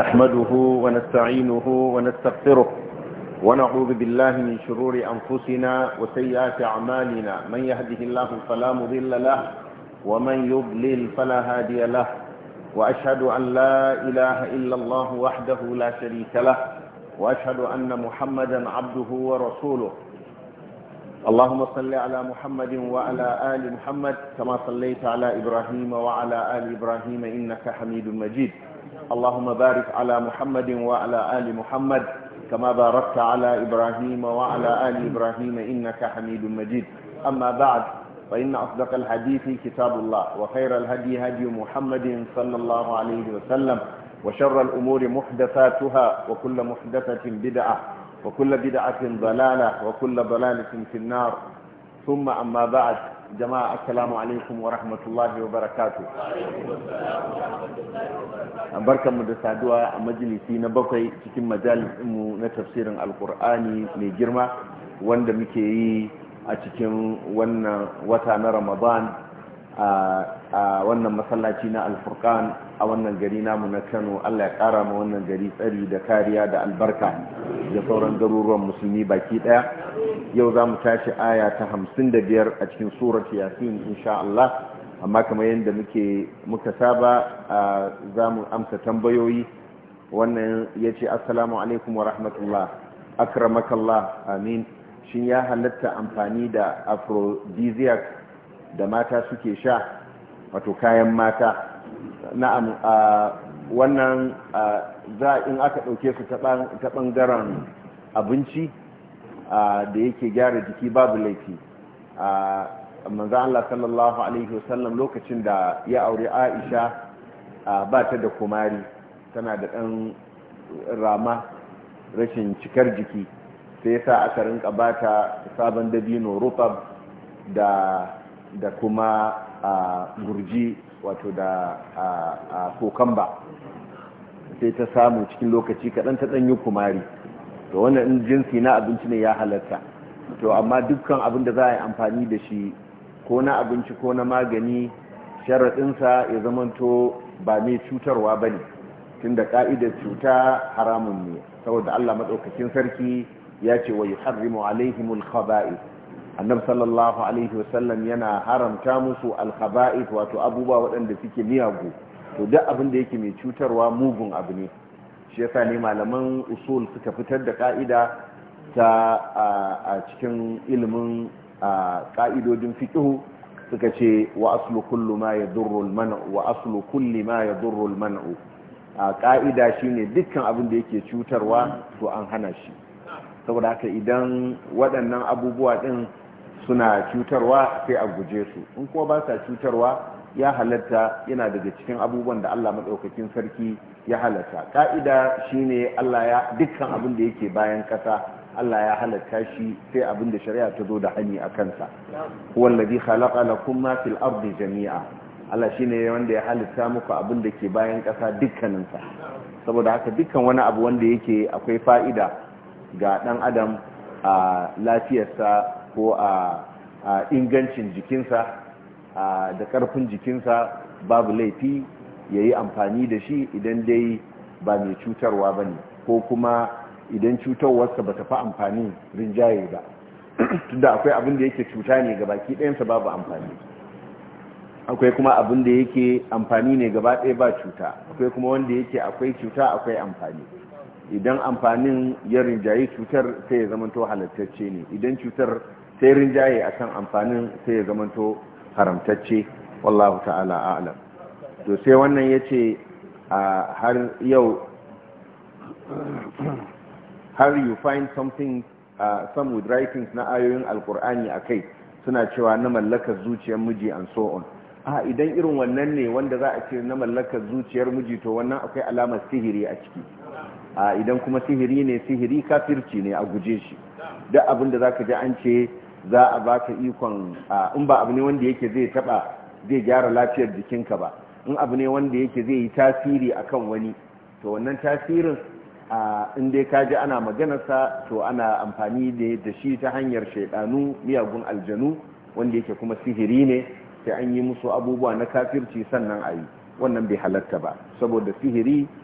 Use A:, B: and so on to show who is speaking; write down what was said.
A: نحمده ونستعينه ونستغفره ونعوذ بالله من شرور أنفسنا وسيئات أعمالنا من يهده الله فلا مضل له ومن يضلل فلا هادي له وأشهد أن لا إله إلا الله وحده لا شريك له وأشهد أن محمدا عبده ورسوله اللهم صل على محمد وعلى آل محمد كما صليت على إبراهيم وعلى آل إبراهيم إنك حميد مجيد اللهم بارك على محمد وعلى آل محمد كما باركت على إبراهيم وعلى آل إبراهيم إنك حميد مجيد أما بعد فإن أصدق الحديث كتاب الله وخير الهدي هدي محمد صلى الله عليه وسلم وشر الأمور محدثاتها وكل محدثة بدعة وكل بدعة ضلالة وكل ضلالة في النار ثم أما بعد jama'a assalamu alaikum wa rahmatullahi wa barakatu barkanmu da saduwa a majalisi na bakwai cikin majalisinmu na tafsirin alkur'ani mai girma wanda muke yi a cikin wannan wata na ramadan a wannan masallaci na alfurkan a wannan gari namu na kano allah ya kara ma wannan gari tsari da kariya da albarka da sauran garuruwan musulmi baki daya yau za mu tashi aya ta hamsin da biyar a cikin surat yasin insha Allah amma kamar yadda muke muka saba za mu amsa tambayoyi wannan ya ce assalamu alaikum wa rahmatullah akramakallah amin shi ya halatta amfani da aphrodisiac da mata suke sha wato kayan mata na'am wannan za in aka ɗauke su ta ɓangaren abinci da yake gyara jiki babu laifi manzo Allah sallallahu alaihi wasallam lokacin da ya aure Aisha ba ta da kumari tana da ɗan rama rashin cikar jiki sai sa aka rinka bata sabon dabino rufab da da kuma gurji wato da kokamba sai ta samu cikin lokaci kaɗan ta ɗanyi kumari to wannan jinsi na abinci ne ya halatta to amma dukkan abin da za a yi amfani da shi ko na abinci ko na magani sharaɗinsa ya zamanto ba mai cutarwa ba ne tun da ƙa'idar cuta haramun ne saboda allah maɗaukakin sarki ya ce wa yi harrimu alaihimul khaba'i annab sallallahu alaihi wasallam yana haramta musu alkhaba'i wato abubuwa waɗanda suke miyagu to duk abin da yake mai cutarwa mugun abu ne shi ne malaman usul suka fitar da ka'ida ta a cikin ilimin ka'idodin fiƙihu suka ce wa aslu kullu ma ya al mana wa aslu kulli ma a ka'ida shine dukkan abin da yake cutarwa to an hana shi saboda haka idan waɗannan abubuwa ɗin suna cutarwa sai a guje su in kuma ba sa cutarwa ya halatta yana daga cikin abubuwan da Allah maɗaukakin sarki ya halatta ka'ida shine Allah ya dukkan abin da yake bayan kasa Allah ya halatta shi sai abin da shari'a ta zo da hanyi a kansa huwal ladhi khalaqa lakum ma fil ardi jami'a Allah shine wanda ya halitta muku abin da ke bayan kasa dukkanin saboda haka dukkan wani abu wanda yake akwai fa'ida ga dan adam a lafiyarsa ko a ingancin jikinsa da karfin jikinsa babu laifi ya yi amfani da shi idan dai ba mai cutarwa ba ne ko kuma idan cutarwarsa ba ta fi amfani rinjaye ba tunda akwai abin da yake cuta ne ga baki ɗayansa babu amfani akwai kuma abin da yake amfani ne gaba ɗaya ba cuta akwai kuma wanda yake akwai cuta akwai amfani idan amfanin ya rinjaye cutar sai ya zamanto halattacce ne idan cutar sai rinjaye kan amfanin sai ya zamanto haramtacce wallahu ta'ala a'lam to sai wannan ya ce har yau har you find something some with writings na ayoyin alkur'ani a kai suna cewa na mallakar zuciyar miji and so on a idan irin wannan ne wanda za a ce na mallakar zuciyar miji to wannan akwai alamar sihiri a ciki a idan kuma sihiri ne sihiri kafirci ne a guje shi duk abin da za ka ji an ce za a baka ikon in ba abu ne wanda yake zai taba zai gyara lafiyar jikinka ba in abu ne wanda yake zai yi tasiri akan wani to wannan tasirin in dai ka ji ana maganarsa to ana amfani da shi ta hanyar shaidanu miyagun aljanu wanda yake kuma sihiri ne sai an yi musu abubuwa na kafirci sannan ayi, wannan bai halatta ba saboda sihiri